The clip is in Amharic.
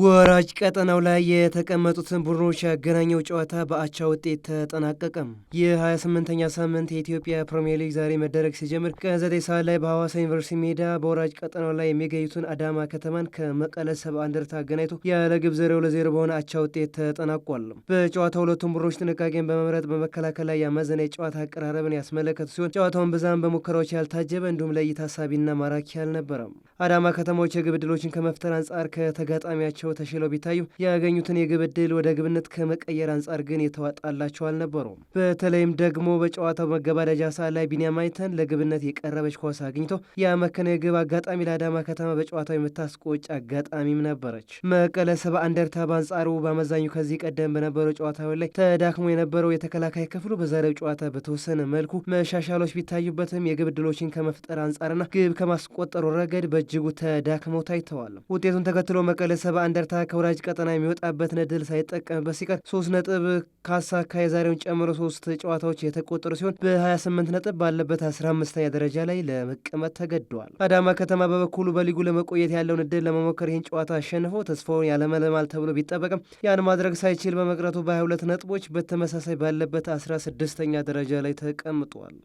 ወራጅ ቀጠናው ላይ የተቀመጡትን ቡድኖች ያገናኘው ጨዋታ በአቻ ውጤት ተጠናቀቀም። የ28ኛ ሳምንት የኢትዮጵያ ፕሪምየር ሊግ ዛሬ መደረግ ሲጀምር ከ9 ሰዓት ላይ በሐዋሳ ዩኒቨርሲቲ ሜዳ በወራጅ ቀጠናው ላይ የሚገኙትን አዳማ ከተማን ከመቀለ ሰብአ እንደርታ አገናኝቶ ያለ ግብ ዜሮ ለዜሮ በሆነ አቻ ውጤት ተጠናቋል። በጨዋታው ሁለቱም ቡድኖች ጥንቃቄን በመምረጥ በመከላከል ላይ ያመዘነ የጨዋታ አቀራረብን ያስመለከቱ ሲሆን ጨዋታውን ብዛም በሙከራዎች ያልታጀበ እንዲሁም ለእይታ ሳቢና ማራኪ አልነበረም። አዳማ ከተማዎች የግብ ዕድሎችን ከመፍጠር አንጻር ከተጋጣሚያቸው ቡድናቸው ተሽለው ቢታዩ ያገኙትን የግብ ዕድል ወደ ግብነት ከመቀየር አንጻር ግን የተዋጣላቸው አልነበሩም። በተለይም ደግሞ በጨዋታው መገባደጃ ሰዓት ላይ ቢኒያም አይተን ለግብነት የቀረበች ኳስ አግኝቶ ያመከነ የግብ አጋጣሚ ለአዳማ ከተማ በጨዋታው የምታስቆጭ አጋጣሚም ነበረች። መቀለ ሰባ እንደርታ በአንጻሩ በአመዛኙ ከዚህ ቀደም በነበረው ጨዋታ ላይ ተዳክሞ የነበረው የተከላካይ ክፍሉ በዛሬው ጨዋታ በተወሰነ መልኩ መሻሻሎች ቢታዩበትም የግብ ዕድሎችን ከመፍጠር አንጻርና ግብ ከማስቆጠሩ ረገድ በእጅጉ ተዳክመው ታይተዋል። ውጤቱን ተከትሎ መቀለ ሰባ እንደርታ ከወራጅ ቀጠና የሚወጣበትን እድል ሳይጠቀምበት ሲቀር ሶስት ነጥብ ካሳካ የዛሬውን ጨምሮ ሶስት ጨዋታዎች የተቆጠሩ ሲሆን በ28 ነጥብ ባለበት 15ኛ ደረጃ ላይ ለመቀመጥ ተገደዋል። አዳማ ከተማ በበኩሉ በሊጉ ለመቆየት ያለውን እድል ለመሞከር ይህን ጨዋታ አሸንፎ ተስፋውን ያለመለማል ተብሎ ቢጠበቅም ያን ማድረግ ሳይችል በመቅረቱ በ22 ነጥቦች በተመሳሳይ ባለበት 16ኛ ደረጃ ላይ ተቀምጧል።